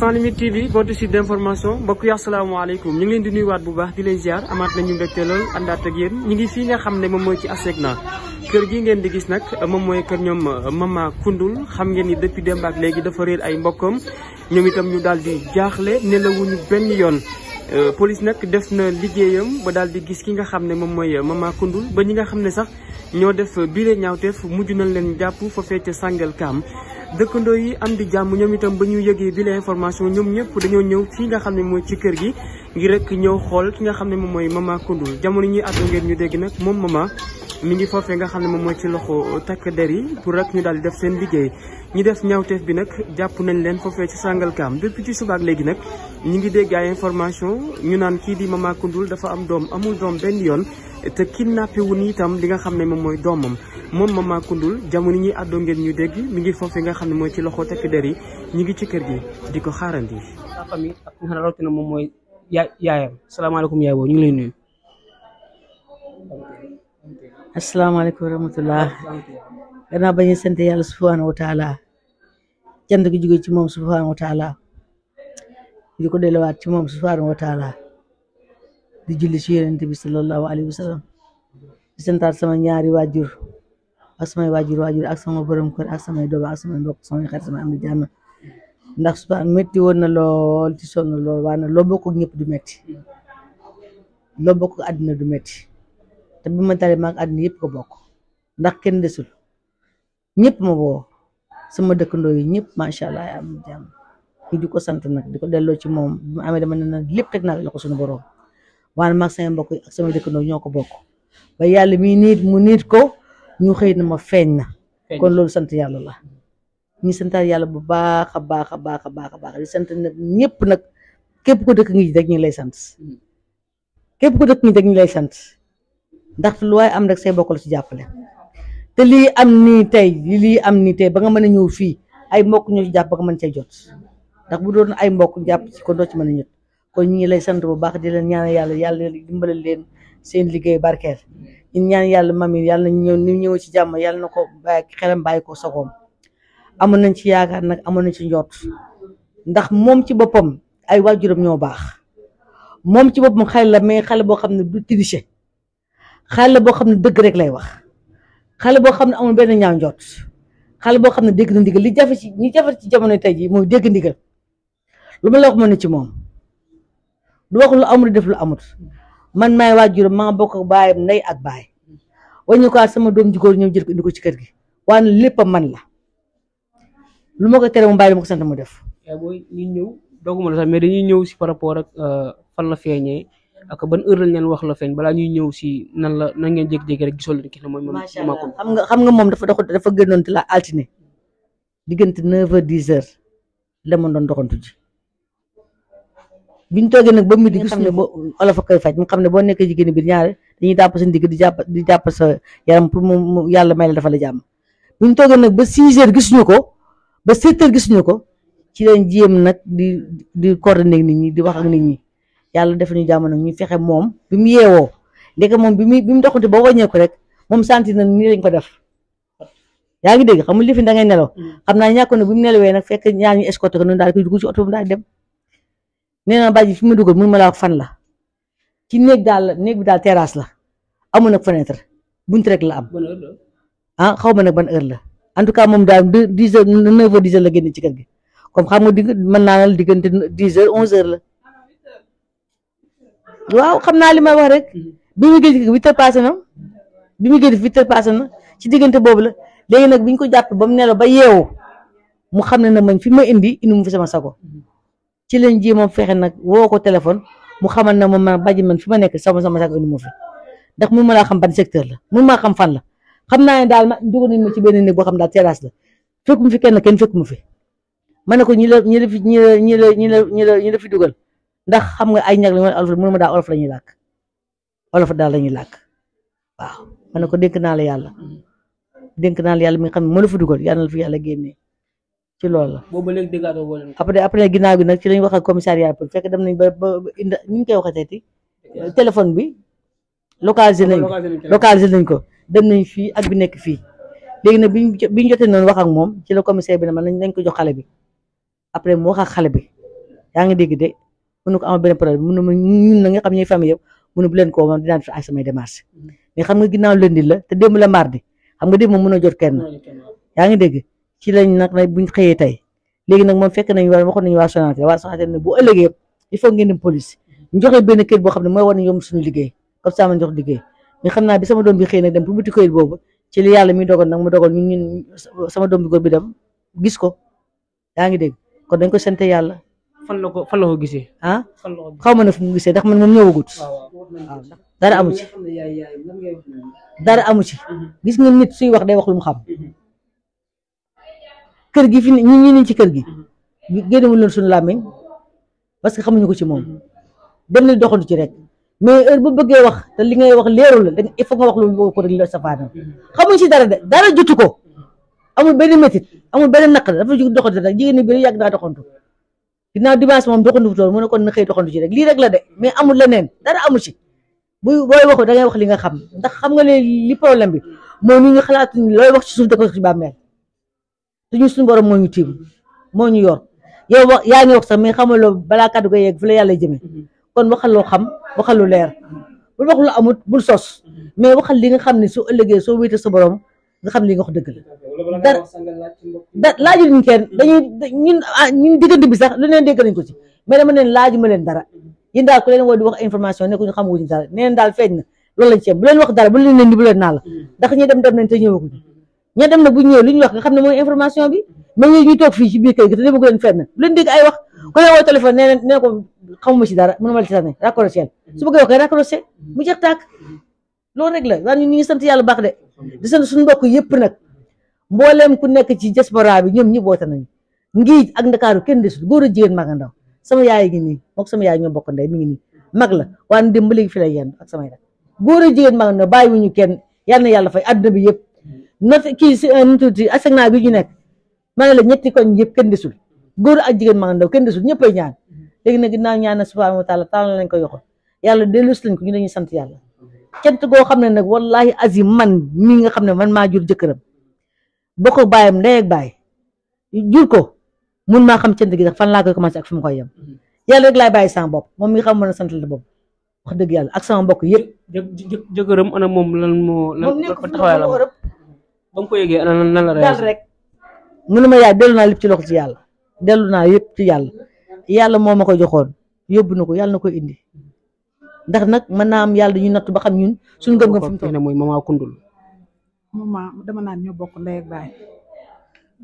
Sans Limites TV votre site d'information mbokk yi asalaamaaleykum ñu ngi leen di nuyuwaat bu baax di leen ziar amaat nañu mbégte lool àndaat ak yéen ñu ngi fii nga xam ne moom mooy ci ASECNA kër gi ngeen di gis nag moom mooy kër ñoom euh, Mama kundul xam ngeen ni depuis dem ak léegi dafa réer ay mbokkam ñoom itam ñu daal di jaaxle nelawuñu benn yoon euh, police nag def na liggéeyam ba daal di gis ki nga xam ne moom mooy euh, Mama Koundoul ba ñi nga xam ne sax ñoo def biire ñaawteef mujj nañ leen jàpp fa fee ca Sàngal Kaam dëkkandoo yi am di jàmm ñoom itam ba ñu yëgee bi la information ñoom ñëpp dañoo ñëw fii nga xam ne mooy ci kër gi ngir rek ñëw xool ki nga xam ne moom mooy Mama Koundoul jamono ñuy àddoo ngeen ñu dégg nag moom Mama mi ngi foofe nga xam ne moom mooy ci loxo takk der yi pour ñu daal di def seen liggéey ñi def ñaawteef bi nag jàpp nañ leen foofee ci Sangalkam depuis ci subaak léegi nag ñu ngi dégg ay information naan kii di Mama Koundoul dafa am doom amul doom benn yoon te kidnappé wu ni itam li nga xam ne mooy doomam moom Mama Koundoul jamono ñi àddoo ngeen ñu dégg mi ngi foofee nga xam ne mooy ci loxo takk der yi ñu ngi ci kër gi di ko xaarandi. famille mooy yaayam salaamaaleykum yaay boo ñu ngi lay nuyu. asalaamaaleykum wa rahmatulah. gannaaw bañ a sant yàlla subhaanahu wa taala cant gi jóge ci moom subhaanahu wa taala di ko delluwaat ci moom subhaanahu wa taala di julli ci yonent bi sallallahu alayhi wa sallam di santaat sama ñaari waajur ak samay waajur sama borom kër ak samay doom ak samay mbokk samay xarit samay am di jàmm ndax subaa métti woon na lool ci sonn lool waaye nag loo bokk ak ñëpp du métti loo bokk ak àddina metti métti te bi ma tare maag àddina yëpp ko bokk ndax kenn desul ñëpp ma woo sama dëkkandoo yi ñëpp macha allah am jàmm ñu di ko sant nag di ko delloo ci moom bi ma amee dama ne lépp teg naa la ko suñu borom waaye maag sama mbokk ak sama dëkkandoo ñoo ko bokk ba yàlla mi niit mu niit ko ñu xëy na ma feeñ na kon loolu sant yàlla la ñu santaat yàlla bu baax a baax a baax a baax a baax di sant nag ñëpp nag képp ko dëkk ngi rek ñu lay sant mm. képp ko dëkk ngi rek ñu lay sant ndax lu am rek say bokk la ci jàppale te lii am nii tey lii am nii tey ba nga mën a ñëw fii ay mbokk ñoo ci jàpp ba nga mën cee jot ndax bu doon ay mbokk jàpp ci ko doo ci mën a ñëw kon ñu ngi lay sant bu baax di leen ñaan yàlla yàlla dimbale leen seen liggéey barkeel ñaan yàlla mami yàlla na ñëw ni ñëw ci jàmm yàlla na ko bàyyi xelam bàyyi ko amoon nañ ci yaakaar nag amoon nañ ci njort ndax moom ci boppam ay waajuram ñoo baax moom ci boppam xale la mais xale boo xam ne du tricher xale la boo xam ne dëgg rek lay wax xale boo xam ne amul benn ñaaw njort xale boo xam ne dégg na ndigal li jafe ci ñi jafe ci jamono tey ji mooy dégg ndigal lu ma la wax mën na ci moom du wax lu amul def lu amut man maay waajuram maa bokk ak bay ndey ak baay wañu ko sama doom ji góor ñëw jël ko indi ko ci kër gi waaye lépp man la lu ma ko tere mu bàyyi lu ma ko sant mu def. Eh, mooy ñu ñëw dooguma la sax mais dañuy ñëw si par rapport ak euh, fan la feeñee ak ban heure lañ leen wax la feeñ balaa ñuy ñëw si nan la nan ngeen jékki-jékki rek gisoo leen ki ne mooy. macha allah xam nga xam nga moom dafa dafa gënoon la altine diggante 9h 10h la ma doon doxantu ji biñ toogee nag ba midi gis ne boo olof a koy faj mu xam ne boo nekkee jigéen bi ñaare dañuy jàpp sa ndigg di jàpp di jàpp sa yaram pour mu yàlla may la dafa la jàmm biñ toogee nag ba 6h gisuñu ko. ba sept heures gisuñu ko ci lañ jéem nag di di coordonner nit ñi di wax ak nit ñi yàlla def ñu jamono ñu fexe moom bi mu yeewoo ndeke moom bi mu bi mu doxante ba wàññeeku rek moom sentir na nii lañ ko def yaa ngi dégg xamul lifin da ngay nelaw xam naa ñàkk na bi mu nelawee nag fekk ñaar ñu escorté ko noonu di koy dugg ci oto mu daal dem nee na bàyyi fi ma dugal mun ma laa fan la ci néeg daal néeg bi daal terrasse la amul nag fenêtre bunt rek la am ah xaw ma nag ban heure la en tout cas moom daal dix heures la génn ci kër gi comme xam nga digg mën naa la diggante dix heures onze heures la waaw xam naa li may wax rek bi mu génn huit heures passé na bi mu génn huit heures passé na ci diggante boobu la léegi nag bi ñu ko jàppee ba mu nelaw ba yeewu mu xam ne na mañ fi ma indi indi mu fi sama sago ci lañ ji moom fexe nag woo ko téléphone mu xamal na moom man bàjji man fi ma nekk sama sama sago indi mu fi ndax mun ma laa xam ban mun maa xam la xam naa ne daal ma dugal nañ ma ci benn néeg boo xam daal terrasse la fekk mu fi kenn kenn fekk mu fi ma ne ko ñi la ñi la fi ñi la ñi la la ñi la fi dugal ndax xam nga ay ñag la olof mënuma daal olof la ñuy làkk olof daal la ñuy làkk waaw ma ne ko dénk naa la yàlla dénk naa la yàlla mi nga xam ne moo la fi dugal yàlla la fi yàlla génnee ci loolu la. boobu léegi leen. après après ginnaaw bi nag ci lañ wax ak commissariat pour fekk dem nañ ba ba indi ni ñu koy waxatee téléphone bi localisé nañ ko localisé nañ ko. dem nañ fii ak bi nekk fii léegi nag biñ biñ jotee noonu wax ak moom ci la commissaire bi ma man nañ ko jox xale bi après moo wax ak xale bi yaa ngi dégg de mënu ko amal benn problème mënu na xam ñuy bu leen ko man dinaa def ay samay démarche mm. mais xam nga ginnaaw lundi la te démb la a jot kenn yaa ngi dégg ci lañ nag nag buñ xëyee tey léegi nag moom fekk nañ wa waxoon nañu waa Sonatel waa Sonatel ne bu ëllëgee il faut ngeen dem police ñu mm-hmm. joxe benn boo xam ne mooy war na yomb suñu liggéey comme ça man jox liggéey mais xam naa bi sama doom bi xëy nag dem pour buti këyit boobu ci li yàlla mi dogal nag mu dogal ñun ñun sama doom bi góor bi dem gis ko yaa ngi dégg kon dañ ko sant yàlla. fan la ko fan gisee. ah xaw ma na fu mu gisee ndax man moom ñëwagut. waaw dara amu ci. dara amu ci. Mhm. gis nga nit suy wax day wax lu mu xam. Mhm. kër gi fi ñun ci kër gi. Mhm. génnewul leen suñu làmmiñ parce que xamuñu ko ci moom. dem na doxantu ci rek. mais heure bu bëggee wax te li ngay wax leerul la il faut nga wax lu ko rek la safaanam xamuñ si dara de dara jotu ko amul benn métit amul benn naq dafa jug doxantu rek jigéen ñi biir yàgg naa doxantu ginnaaw dimanche moom doxantu fu tool mu ne kon na xëy doxantu rek lii rek la de mais amul leneen dara amul si booy wax da ngay wax li nga xam ndax xam nga léegi li problème bi mooy ñu ñu xalaatuñ looy wax ci suuf da ko ci bàmmeel suñu suñu borom moo ñu tiim moo ñu yor yow wax yaa ngi wax sax mais xamuloo balaa kàddu go yeeg ye la yàlla jëmee kon waxal loo xam waxal lu leer bul wax lu amut bul sos mais waxal li nga xam ne soo ëllëgee soo wéete sa borom nga xam li nga wax dëgg la dara da laajul ñu kenn dañuy ñun ah, ñun diggante bi sax lu leen dégg nañ ko ci mais dama neen laaju ma leen dara yéen daal ku leen woo di wax information nekku ñu xamuñu dara neen dara bu leen ne ni bu naa la ndax ñi dem dem nañ te dem na bu ñëwee lu ñu wax nga xam ne mooy information bi mais ñuy ñuy toog fii ci biir kër gi te demagu leen fenn bu leen ay wax ku ne woo téléphone nee na nee ko xamuma ci dara mënuma la ci dara ne raccroché su bëggee wax kay raccroché mu jeex tàkk loolu rek la waaye ñu ngi sant yàlla baax de di sant suñu mbokk yëpp nag mbooleem ku nekk ci diaspora bi ñoom ñi woote nañu ngi ak ndakaaru kenn desul góor a jigéen mag a ndaw sama yaay ngi nii mook sama yaay ñoo bokk ndey mi ngi nii mag la waaye dem ba léegi fi lay yenn ak samay rak góor a jigéen mag a ndaw kenn yal na yàlla fay àdduna bi yëpp not kii si a tuuti na bi ñu nekk ma ne la ñetti koñ yëpp kenn desul góor ak jigéen maa ngi ndaw kenn desul ñëppay ñaan léegi nag ginnaaw ñaan na taala taala lañ ko yoxol yàlla delloosi lañ ko ñu dañuy sant yàlla cant goo xam ne nag wallahi azim man mi nga xam ne man maa jur jëkkëram bokk baayam ndey ak baay jur ko mun maa xam cant gi sax fan laa koy commencé ak fi mu koy yem yàlla rek laay bàyyi sama bopp moom mi nga xam mën a sant la bopp wax dëgg yàlla ak sama mbokk yëpp. jë jëkkëram ana moom lan moo. lan taxawaay la ko yëgee ana lan la. rek mu ne ma yaay dellu ci loxo ci yàlla. dellu naa yëpp ci yàlla yàlla moo ma ko joxoon yóbbu na ko yàlla ko indi ndax nag mën naa am yàlla dañuy natt ba xam ñun suñu gëm-gëm fi mu toll mooy maman Koundoul maman dama naan ñoo bokk ndey ak baay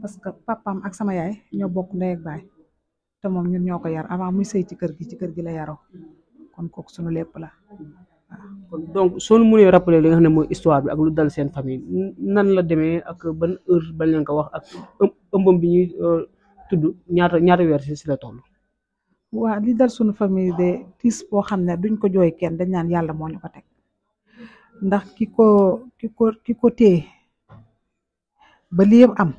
parce que papam ak sama yaay ñoo bokk ndey ak baay te moom ñun ñoo ko yar avant muy sëy ci kër gi ci kër gi la yaroo kon kooku suñu lépp la waaw donc soo mënee rappeler li nga xam ne mooy histoire bi ak lu dal seen famille nan la demee ak ban heure bañ leen ko wax ak ëmbam bi euh, tudd ñaata ñaata weer si si la toll. waa li dal suñu famille de tiis boo xam ne duñ ko jooy kenn dañ naan yàlla moo ñu ko teg ki ko ki ki ko ba lii yëpp am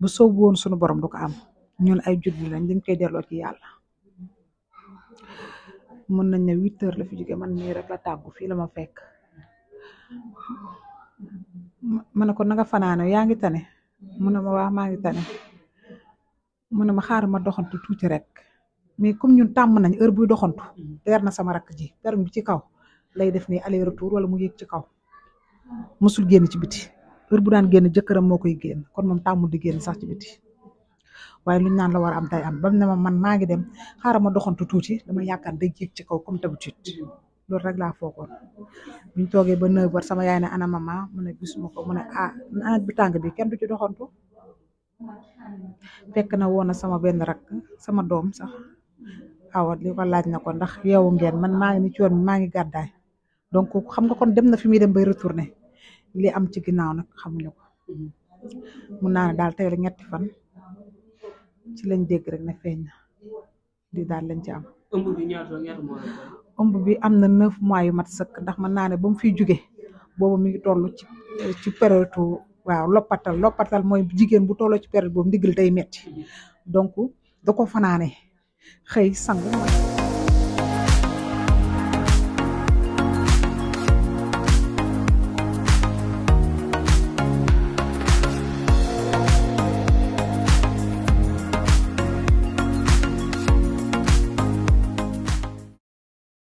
bu soobu woon sunu borom du ko am ñun ay juddu lañ dañ koy delloo ci yàlla. mën nañ ne huit heures la fi jóge man mii rek la tàggu fii la ma fekk ma ne ko nanga fanaano yaa ngi tane mu ne ma wax maa ngi tane mu ne ma xaaral ma doxantu tuuti rek mais comme ñun tàmm nañ heure buy doxantu leer na sama rakk ji perm bi ci kaw lay def ni aller retour wala mu yéeg ci kaw mosul génn ci biti heure bu daan génn jëkkëram moo koy génn kon moom tàmmul di génn sax ci biti waaye luñ naan la war a am tay am bam ne ma man maa ngi dem xaaral ma doxantu tuuti dama yaakaar day yéeg ci kaw comme d'habitude loolu rek laa foogoon buñ toogee ba 9h sama yaay ne ana maman mu ne gisuma ko mu ne ah naaj tàng bi kenn du ci doxantu fekk na woon na sama benn rak sama doom sax awa li ko laaj na ko ndax yeewu ngeen man ma ngi ni ci yoon maa ngi gàddaay donc xam nga kon dem na fi muy dem bay retourner li am ci ginnaaw nag xamuñu ko mun naa ne daal tey la ñetti fan ci lañ dégg rek ne feeñ na di daal lañ ci am. bi am na neuf mois yu mat sëkk ndax mën naa ne ba mu fiy jóge mi ngi toll ci waaw loppatal loppatal mooy jigéen bu tolloo ci période boobu ndigal day metti mm-hmm. donc da ko fanaane xëy sangu